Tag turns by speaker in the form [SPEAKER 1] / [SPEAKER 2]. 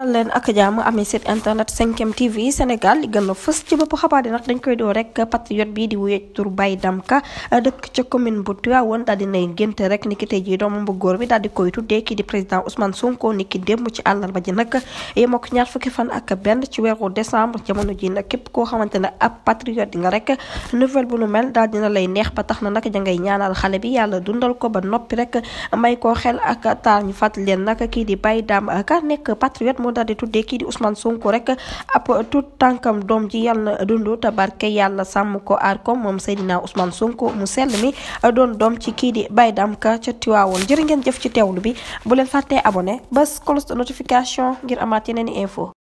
[SPEAKER 1] dal leen ak jàmm amee site internet 5M TV Sénégal li gën a fës ci bopp xabaar yi nag dañ koy doo rek patriote bi di wuyee tur Baye dëkk ca commune bu Tivaouane daal di nay génte rek niki tey doomam bu góor bi daal di koy tuddee kii di président Ousmane Sonko niki démb ci àllarba ji nag yem ñaar fukki fan ak benn ci weeru décembre jamono ji nag képp koo xamante ne ab patriote nga rek nouvelle bu nu mel daal dina lay neex ba tax na nag da ngay mu daal di tuddee kii di Ousmane Sonko rek ab tout tànkam doom ji yàlla na dund te barke yàlla sàmm ko aar ko moom Seydina Ousmane Sonko mu sell mi doon doom ci kii di Baye Dame Ka ca Tiwaawoon jërë ngeen jëf ci teewlu bi bu leen fàttee abonné bés cloche notification ngir amaat yeneen info